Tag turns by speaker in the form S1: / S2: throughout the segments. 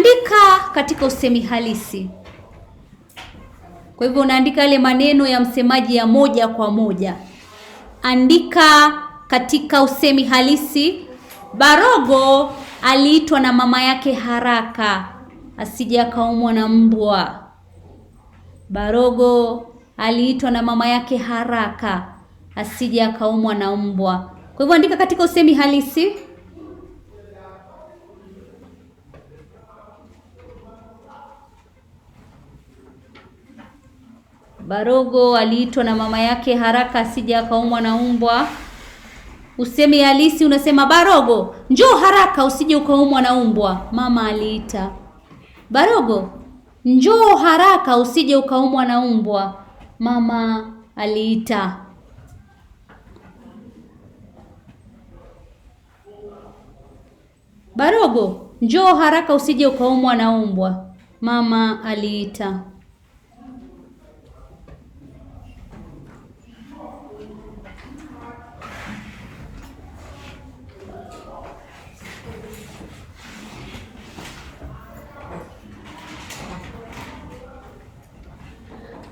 S1: Andika katika usemi halisi. Kwa hivyo unaandika yale maneno ya msemaji ya moja kwa moja. Andika katika usemi halisi, Barogo aliitwa na mama yake haraka asije akaumwa na mbwa. Barogo aliitwa na mama yake haraka asije akaumwa na mbwa. Kwa hivyo andika katika usemi halisi. Barogo aliitwa na mama yake haraka asije akaumwa na umbwa. Usemi halisi unasema Barogo, njoo haraka usije ukaumwa na umbwa, mama aliita. Barogo, njoo haraka usije ukaumwa na umbwa, mama aliita. Barogo, njoo haraka usije ukaumwa na umbwa, mama aliita.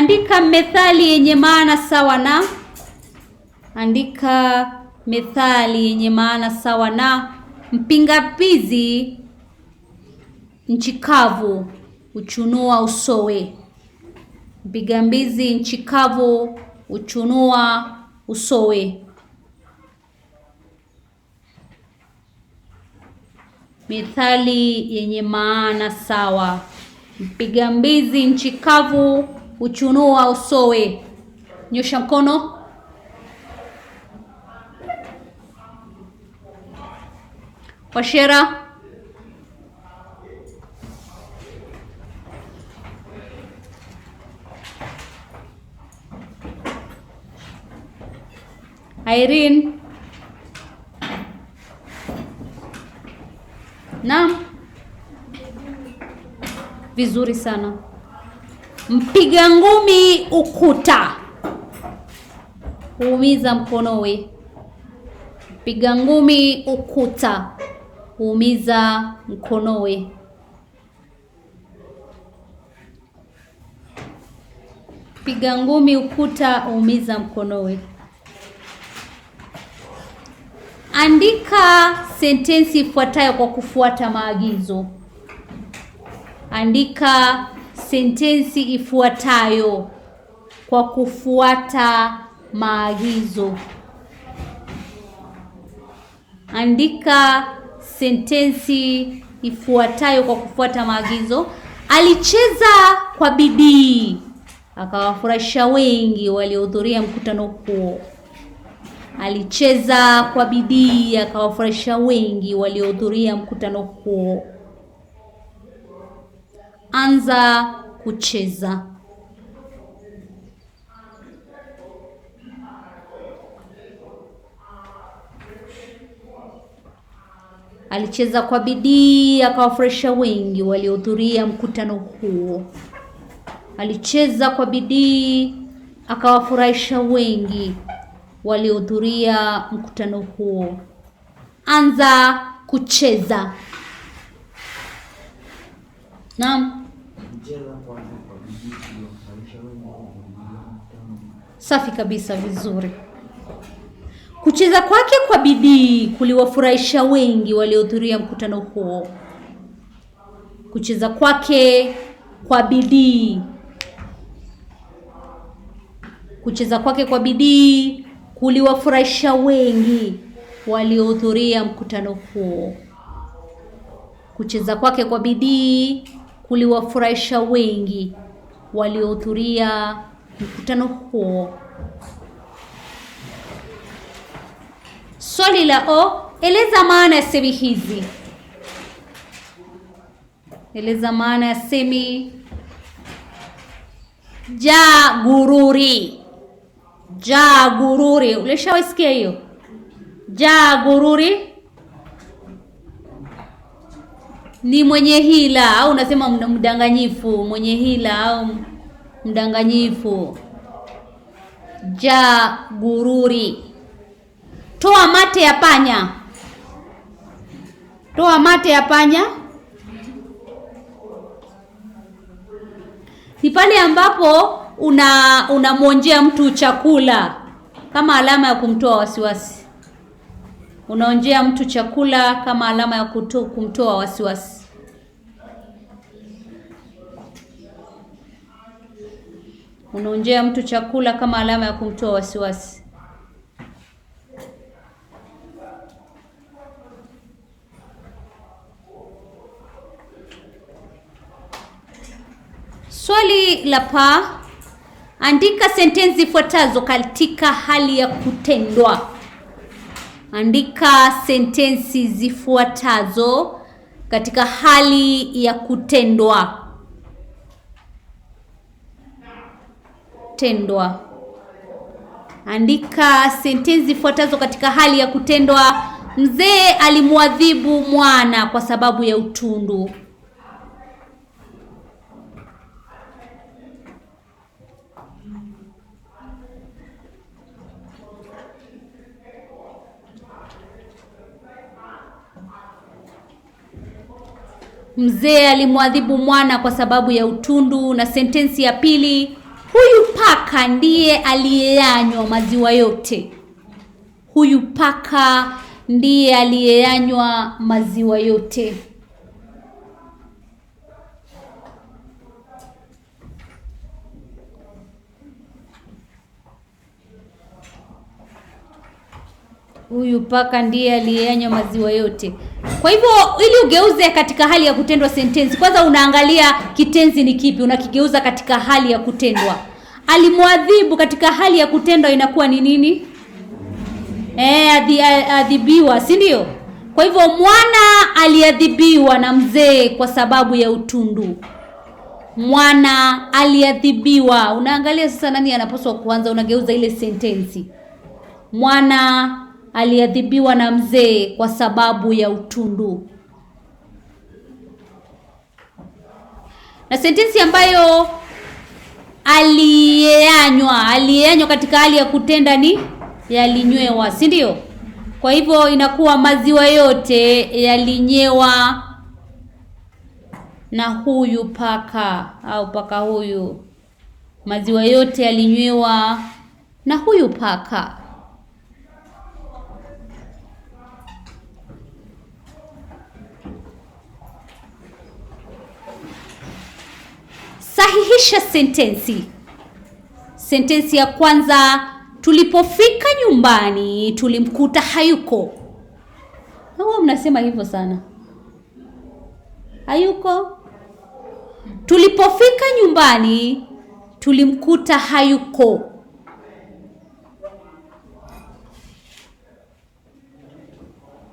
S1: Andika methali yenye maana sawa na. Andika methali yenye maana sawa na. Mpingapizi nchi kavu uchunua usowe. Mpigambizi nchi kavu uchunua usowe. Methali yenye maana sawa. Mpiga mbizi nchi kavu uchunua usowe Nyosha mkono. Washera, Irene. Naam, vizuri sana. Mpiga ngumi ukuta huumiza mkonowe. Mpiga ngumi ukuta huumiza mkonowe. Mpiga ngumi ukuta huumiza mkonowe. Andika sentensi ifuatayo kwa kufuata maagizo. Andika sentensi ifuatayo kwa kufuata maagizo. Andika sentensi ifuatayo kwa kufuata maagizo. Alicheza kwa bidii akawafurahisha wengi waliohudhuria mkutano huo. Alicheza kwa bidii akawafurahisha wengi waliohudhuria mkutano huo anza kucheza. Alicheza kwa bidii akawafurahisha wengi waliohudhuria mkutano huo. Alicheza kwa bidii akawafurahisha wengi waliohudhuria mkutano huo. Anza kucheza. Naam. safi kabisa, vizuri. Kucheza kwake kwa bidii kuliwafurahisha wengi waliohudhuria mkutano huo. Kucheza kwake kwa bidii, kucheza kwake kwa bidii kuliwafurahisha wengi waliohudhuria mkutano huo. Kucheza kwake kwa bidii kuliwafurahisha wengi waliohudhuria mkutano huo. Swali la o, eleza maana ya semi hizi. Eleza maana ya semi ja Ja Jagururi, ulishawaisikia hiyo ja gururi Ni mwenye hila au unasema mdanganyifu, mwenye hila au mdanganyifu. Ja gururi, toa mate ya panya, toa mate ya panya ni pale ambapo una unamwonjea mtu chakula kama alama ya kumtoa wasiwasi. Unaonjea mtu chakula kama alama ya kumtoa wasiwasi. unaonjea mtu chakula kama alama ya kumtoa wasiwasi. Swali la pa, andika sentensi ifuatazo katika hali ya kutendwa. Andika sentensi zifuatazo katika hali ya kutendwa. kutendwa. Andika sentensi zifuatazo katika hali ya kutendwa. Mzee alimwadhibu mwana kwa sababu ya utundu. Mzee alimwadhibu mwana kwa sababu ya utundu. Na sentensi ya pili, Huyu paka ndiye aliyeyanywa maziwa yote. Huyu paka ndiye aliyeyanywa maziwa yote. huyu paka ndiye aliyeanya maziwa yote. Kwa hivyo ili ugeuze katika hali ya kutendwa sentensi, kwanza unaangalia kitenzi ni kipi, unakigeuza katika hali ya kutendwa. Alimwadhibu katika hali ya kutendwa inakuwa ni nini? Eh, adhi, adhibiwa, si ndio? Kwa hivyo mwana aliadhibiwa na mzee kwa sababu ya utundu. Mwana aliadhibiwa, unaangalia sasa nani anapaswa kuanza, unageuza ile sentensi. Mwana aliadhibiwa na mzee kwa sababu ya utundu. Na sentensi ambayo aliyeanywa, aliyeanywa katika hali ya kutenda ni yalinywewa, si ndio? Kwa hivyo inakuwa maziwa yote yalinyewa na huyu paka au paka huyu, maziwa yote yalinywewa na huyu paka. Sahihisha sentensi. Sentensi ya kwanza, tulipofika nyumbani tulimkuta hayuko. Huwa mnasema hivyo sana, hayuko. Tulipofika nyumbani tulimkuta hayuko.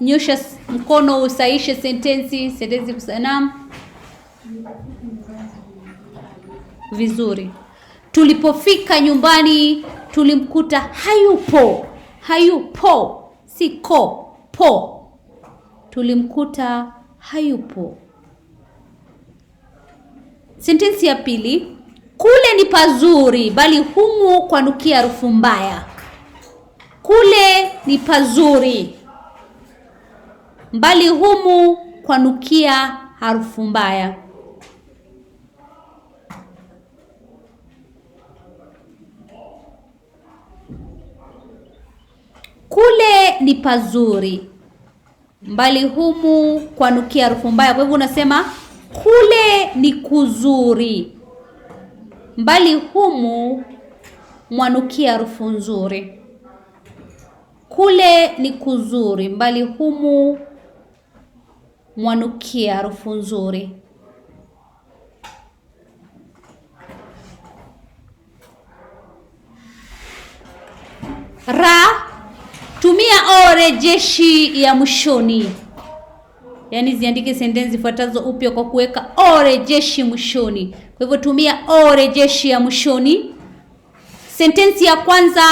S1: Nyosha mkono usaishe sentensi. Sentensi. kusanam vizuri. Tulipofika nyumbani tulimkuta hayupo, hayupo, siko po, tulimkuta hayupo. Sentensi ya pili, kule ni pazuri, bali humu kwanukia harufu mbaya. Kule ni pazuri, bali humu kwanukia harufu mbaya. Kule ni pazuri, mbali humu kwanukia harufu mbaya. Kwa hivyo unasema kule ni kuzuri, mbali humu mwanukia harufu nzuri. Kule ni kuzuri, mbali humu mwanukia harufu nzuri. ra Tumia ore jeshi ya mwishoni, yaani ziandike sentensi zifuatazo upya kwa kuweka ore jeshi mwishoni. Kwa hivyo tumia o ya mwishoni. Sentensi ya kwanza,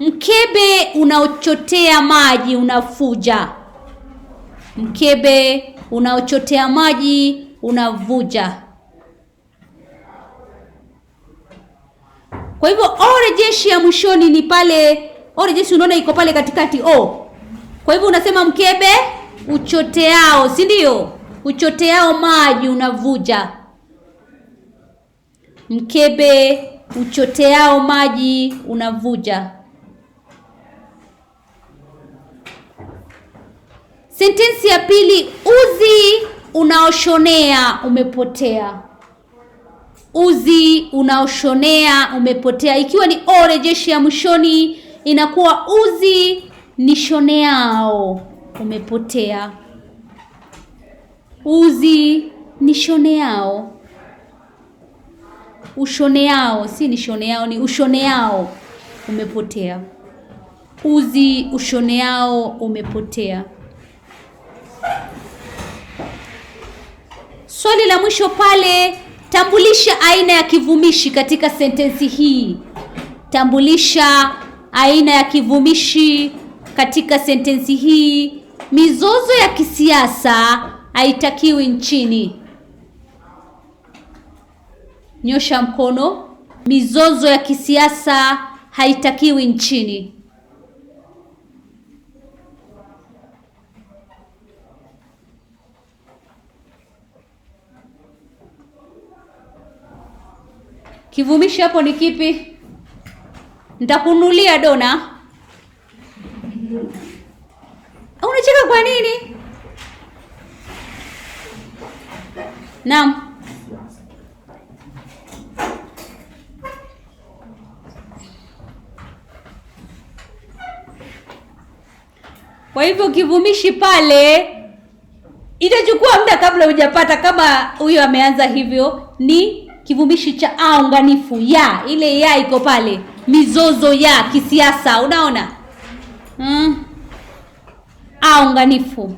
S1: mkebe unaochotea maji unavuja. Mkebe unaochotea maji unavuja. Kwa hivyo ore jeshi ya mwishoni ni pale ori jeshi unaona iko pale katikati o. Oh. Kwa hivyo unasema mkebe uchoteao, si ndio? Uchoteao maji unavuja. Mkebe uchoteao maji unavuja. Sentensi ya pili, uzi unaoshonea umepotea. Uzi unaoshonea umepotea, ikiwa ni o rejeshi ya mwishoni inakuwa uzi yao umepotea, uzi nishoneao, ushoneao, si nishoneao, ni ushoneao umepotea, uzi ushoneao umepotea. Swali la mwisho pale, tambulisha aina ya kivumishi katika sentensi hii. Tambulisha aina ya kivumishi katika sentensi hii, mizozo ya kisiasa haitakiwi nchini. Nyosha mkono. Mizozo ya kisiasa haitakiwi nchini. Kivumishi hapo ni kipi? nitakunulia dona. Unacheka kwa nini? Naam. Kwa hivyo kivumishi pale itachukua muda kabla hujapata, kama huyo ameanza hivyo, ni kivumishi cha aunganifu unganifu ya, ile ya iko pale mizozo ya kisiasa unaona, hmm? aunganifu